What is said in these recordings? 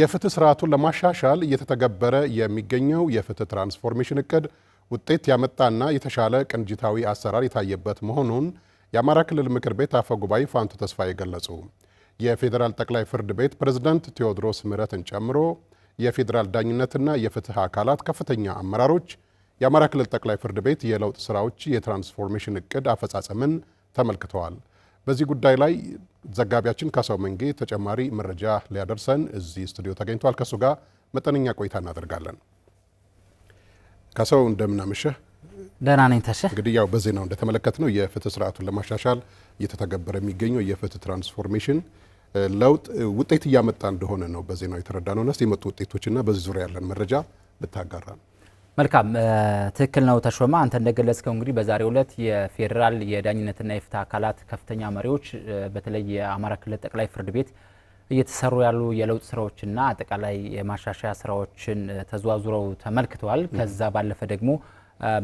የፍትህ ስርዓቱን ለማሻሻል እየተተገበረ የሚገኘው የፍትህ ትራንስፎርሜሽን እቅድ ውጤት ያመጣና የተሻለ ቅንጅታዊ አሰራር የታየበት መሆኑን የአማራ ክልል ምክር ቤት አፈ ጉባኤ ፋንቱ ተስፋዬ ገለጹ። የፌዴራል ጠቅላይ ፍርድ ቤት ፕሬዝዳንት ቴዎድሮስ ምህረትን ጨምሮ የፌዴራል ዳኝነትና የፍትህ አካላት ከፍተኛ አመራሮች የአማራ ክልል ጠቅላይ ፍርድ ቤት የለውጥ ስራዎች የትራንስፎርሜሽን እቅድ አፈጻጸምን ተመልክተዋል። በዚህ ጉዳይ ላይ ዘጋቢያችን ካሳው መንጌ ተጨማሪ መረጃ ሊያደርሰን እዚህ ስቱዲዮ ተገኝቷል። ከእሱ ጋር መጠነኛ ቆይታ እናደርጋለን። ካሳው እንደምናመሸህ። ደህና ነኝ ተሸ። እንግዲህ ያው በዜናው እንደተመለከትነው የፍትህ ስርዓቱን ለማሻሻል እየተተገበረ የሚገኘው የፍትህ ትራንስፎርሜሽን ለውጥ ውጤት እያመጣ እንደሆነ ነው በዜናው የተረዳ ነው። እስቲ የመጡ ውጤቶችና በዚህ ዙሪያ ያለን መረጃ ብታጋራ ነው። መልካም ትክክል ነው ተሾመ። አንተ እንደገለጽከው እንግዲህ በዛሬው ዕለት የፌዴራል የዳኝነትና የፍትህ አካላት ከፍተኛ መሪዎች በተለይ የአማራ ክልል ጠቅላይ ፍርድ ቤት እየተሰሩ ያሉ የለውጥ ስራዎችና አጠቃላይ የማሻሻያ ስራዎችን ተዘዋዙረው ተመልክተዋል። ከዛ ባለፈ ደግሞ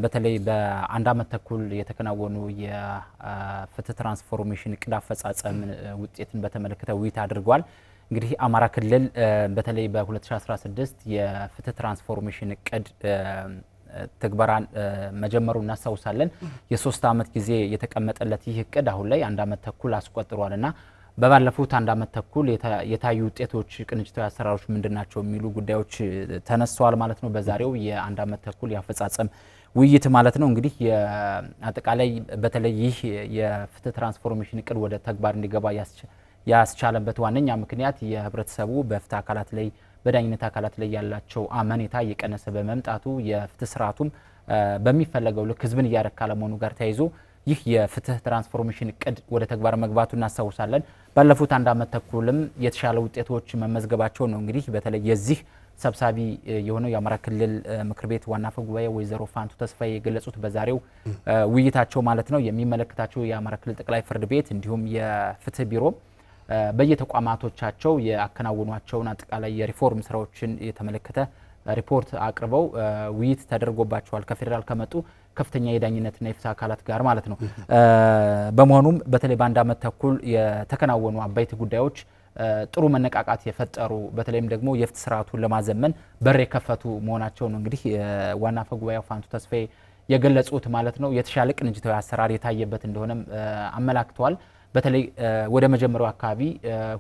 በተለይ በአንድ አመት ተኩል የተከናወኑ የፍትህ ትራንስፎርሜሽን እቅድ አፈጻጸም ውጤትን በተመለከተ ውይይት አድርጓል። እንግዲህ አማራ ክልል በተለይ በ2016 የፍትህ ትራንስፎርሜሽን እቅድ ትግበራን መጀመሩ እናስታውሳለን። የሶስት ዓመት ጊዜ የተቀመጠለት ይህ እቅድ አሁን ላይ አንድ ዓመት ተኩል አስቆጥሯል እና በባለፉት አንድ ዓመት ተኩል የታዩ ውጤቶች፣ ቅንጅታዊ አሰራሮች ምንድን ናቸው የሚሉ ጉዳዮች ተነስተዋል ማለት ነው። በዛሬው የአንድ ዓመት ተኩል የአፈጻጸም ውይይት ማለት ነው። እንግዲህ አጠቃላይ በተለይ ይህ የፍትህ ትራንስፎርሜሽን እቅድ ወደ ተግባር እንዲገባ ያስቻለበት ዋነኛ ምክንያት የህብረተሰቡ በፍትህ አካላት ላይ በዳኝነት አካላት ላይ ያላቸው አመኔታ እየቀነሰ በመምጣቱ የፍትህ ስርዓቱም በሚፈለገው ልክ ህዝብን እያረካ ለመሆኑ ጋር ተያይዞ ይህ የፍትህ ትራንስፎርሜሽን እቅድ ወደ ተግባር መግባቱ እናስታውሳለን። ባለፉት አንድ ዓመት ተኩልም የተሻለ ውጤቶች መመዝገባቸው ነው። እንግዲህ በተለይ የዚህ ሰብሳቢ የሆነው የአማራ ክልል ምክር ቤት ዋና አፈ ጉባኤ ወይዘሮ ፋንቱ ተስፋዬ የገለጹት በዛሬው ውይይታቸው ማለት ነው። የሚመለከታቸው የአማራ ክልል ጠቅላይ ፍርድ ቤት እንዲሁም የፍትህ ቢሮ በየተቋማቶቻቸው የአከናውኗቸውን አጠቃላይ የሪፎርም ስራዎችን የተመለከተ ሪፖርት አቅርበው ውይይት ተደርጎባቸዋል ከፌዴራል ከመጡ ከፍተኛ የዳኝነትና የፍትህ አካላት ጋር ማለት ነው። በመሆኑም በተለይ በአንድ አመት ተኩል የተከናወኑ አበይት ጉዳዮች ጥሩ መነቃቃት የፈጠሩ በተለይም ደግሞ የፍትህ ስርዓቱን ለማዘመን በር የከፈቱ መሆናቸው ነው እንግዲህ ዋና አፈ ጉባኤው ፋንቱ ተስፋዬ የገለጹት ማለት ነው። የተሻለ ቅንጅታዊ አሰራር የታየበት እንደሆነም አመላክተዋል። በተለይ ወደ መጀመሪያው አካባቢ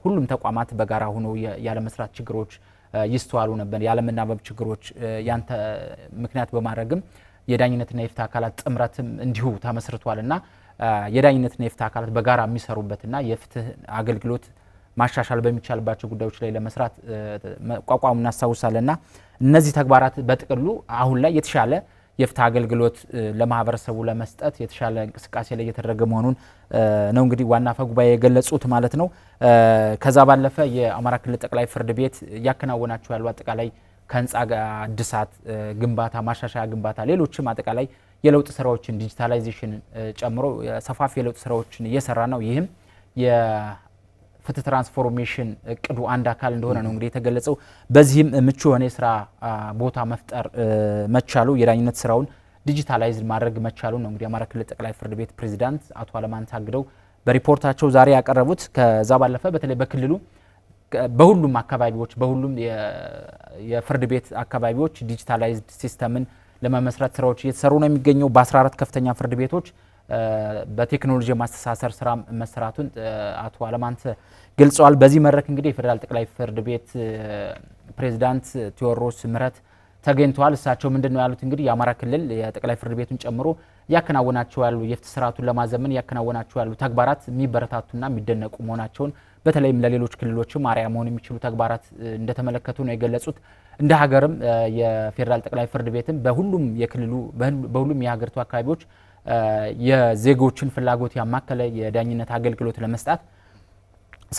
ሁሉም ተቋማት በጋራ ሆኖ ያለመስራት ችግሮች ይስተዋሉ ነበር። ያለመናበብ ችግሮች ያንተ ምክንያት በማድረግም የዳኝነትና የፍትህ አካላት ጥምረትም እንዲሁ ተመስርቷል እና የዳኝነትና የፍትህ አካላት በጋራ የሚሰሩበትና የፍትህ አገልግሎት ማሻሻል በሚቻልባቸው ጉዳዮች ላይ ለመስራት መቋቋሙ እናስታውሳለን እና እነዚህ ተግባራት በጥቅሉ አሁን ላይ የተሻለ የፍትህ አገልግሎት ለማህበረሰቡ ለመስጠት የተሻለ እንቅስቃሴ ላይ እየተደረገ መሆኑን ነው እንግዲህ ዋና አፈ ጉባኤ የገለጹት ማለት ነው። ከዛ ባለፈ የአማራ ክልል ጠቅላይ ፍርድ ቤት እያከናወናቸው ያሉ አጠቃላይ ከህንፃ እድሳት ግንባታ፣ ማሻሻያ ግንባታ፣ ሌሎችም አጠቃላይ የለውጥ ስራዎችን ዲጂታላይዜሽን ጨምሮ ሰፋፊ የለውጥ ስራዎችን እየሰራ ነው። ይህም ፍትህ ትራንስፎርሜሽን እቅዱ አንድ አካል እንደሆነ ነው እንግዲህ የተገለጸው። በዚህም ምቹ የሆነ የስራ ቦታ መፍጠር መቻሉ፣ የዳኝነት ስራውን ዲጂታላይዝ ማድረግ መቻሉ ነው እንግዲህ አማራ ክልል ጠቅላይ ፍርድ ቤት ፕሬዚዳንት አቶ አለማን ታግደው በሪፖርታቸው ዛሬ ያቀረቡት። ከዛ ባለፈ በተለይ በክልሉ በሁሉም አካባቢዎች በሁሉም የፍርድ ቤት አካባቢዎች ዲጂታላይዝድ ሲስተምን ለመመስረት ስራዎች እየተሰሩ ነው የሚገኘው በ14 ከፍተኛ ፍርድ ቤቶች በቴክኖሎጂ የማስተሳሰር ስራ መሰራቱን አቶ አለማንተ ገልጸዋል። በዚህ መድረክ እንግዲህ የፌዴራል ጠቅላይ ፍርድ ቤት ፕሬዚዳንት ቴዎድሮስ ምህረት ተገኝተዋል። እሳቸው ምንድን ነው ያሉት? እንግዲህ የአማራ ክልል የጠቅላይ ፍርድ ቤቱን ጨምሮ እያከናወናቸው ያሉ የፍትህ ስርዓቱን ለማዘመን እያከናወናቸው ያሉ ተግባራት የሚበረታቱና የሚደነቁ መሆናቸውን በተለይም ለሌሎች ክልሎችም አርያ መሆን የሚችሉ ተግባራት እንደተመለከቱ ነው የገለጹት። እንደ ሀገርም የፌዴራል ጠቅላይ ፍርድ ቤትም በሁሉም የክልሉ በሁሉም የሀገሪቱ አካባቢዎች የዜጎችን ፍላጎት ያማከለ የዳኝነት አገልግሎት ለመስጣት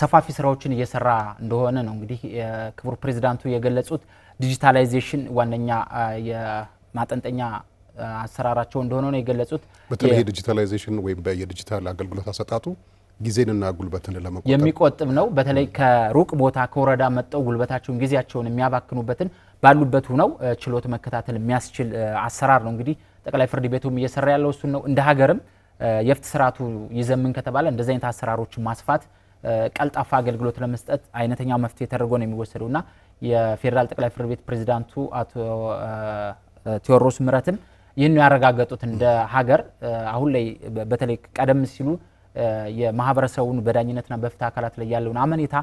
ሰፋፊ ስራዎችን እየሰራ እንደሆነ ነው እንግዲህ የክቡር ፕሬዚዳንቱ የገለጹት። ዲጂታላይዜሽን ዋነኛ የማጠንጠኛ አሰራራቸው እንደሆነ ነው የገለጹት። በተለይ ዲጂታላይዜሽን ወይም የዲጂታል አገልግሎት አሰጣጡ ጊዜንና ጉልበትን ለመቆጠብ የሚቆጥብ ነው። በተለይ ከሩቅ ቦታ ከወረዳ መጠው ጉልበታቸውን ጊዜያቸውን የሚያባክኑበትን ባሉበት ሁነው ችሎት መከታተል የሚያስችል አሰራር ነው እንግዲህ ጠቅላይ ፍርድ ቤቱም እየሰራ ያለው እሱን ነው። እንደ ሀገርም የፍትህ ስርዓቱ ይዘምን ከተባለ እንደዚህ አይነት አሰራሮችን ማስፋት ቀልጣፋ አገልግሎት ለመስጠት አይነተኛው መፍትሄ ተደርጎ ነው የሚወሰደው እና የፌዴራል ጠቅላይ ፍርድ ቤት ፕሬዚዳንቱ አቶ ቴዎድሮስ ምረትም ይህን ያረጋገጡት እንደ ሀገር አሁን ላይ በተለይ ቀደም ሲሉ የማህበረሰቡን በዳኝነትና በፍትህ አካላት ላይ ያለውን አመኔታ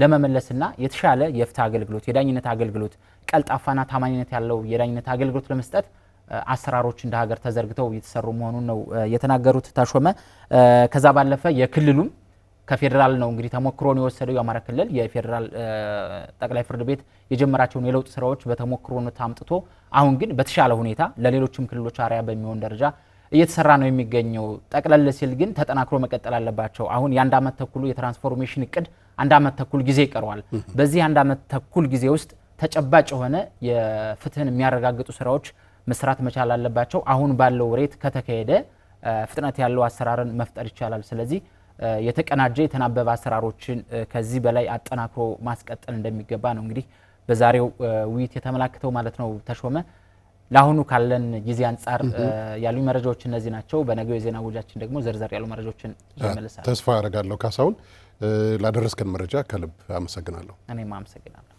ለመመለስና የተሻለ የፍትህ አገልግሎት የዳኝነት አገልግሎት ቀልጣፋና ታማኝነት ያለው የዳኝነት አገልግሎት ለመስጠት አሰራሮች እንደ ሀገር ተዘርግተው እየተሰሩ መሆኑን ነው የተናገሩት ታሾመ። ከዛ ባለፈ የክልሉም ከፌዴራል ነው እንግዲህ ተሞክሮን የወሰደው የአማራ ክልል የፌዴራል ጠቅላይ ፍርድ ቤት የጀመራቸውን የለውጥ ስራዎች በተሞክሮነት አምጥቶ አሁን ግን በተሻለ ሁኔታ ለሌሎችም ክልሎች አርያ በሚሆን ደረጃ እየተሰራ ነው የሚገኘው። ጠቅለል ሲል ግን ተጠናክሮ መቀጠል አለባቸው። አሁን የአንድ ዓመት ተኩሉ የትራንስፎርሜሽን እቅድ አንድ ዓመት ተኩል ጊዜ ይቀረዋል። በዚህ አንድ ዓመት ተኩል ጊዜ ውስጥ ተጨባጭ የሆነ የፍትህን የሚያረጋግጡ ስራዎች መስራት መቻል አለባቸው። አሁን ባለው ሬት ከተካሄደ ፍጥነት ያለው አሰራርን መፍጠር ይቻላል። ስለዚህ የተቀናጀ የተናበበ አሰራሮችን ከዚህ በላይ አጠናክሮ ማስቀጠል እንደሚገባ ነው እንግዲህ በዛሬው ውይይት የተመላክተው ማለት ነው። ተሾመ፣ ለአሁኑ ካለን ጊዜ አንጻር ያሉ መረጃዎች እነዚህ ናቸው። በነገው የዜና ጎጃችን ደግሞ ዘርዘር ያሉ መረጃዎችን ይመልሳል ተስፋ አረጋለሁ። ካሳሁን፣ ላደረስከን መረጃ ከልብ አመሰግናለሁ። እኔም አመሰግናለሁ።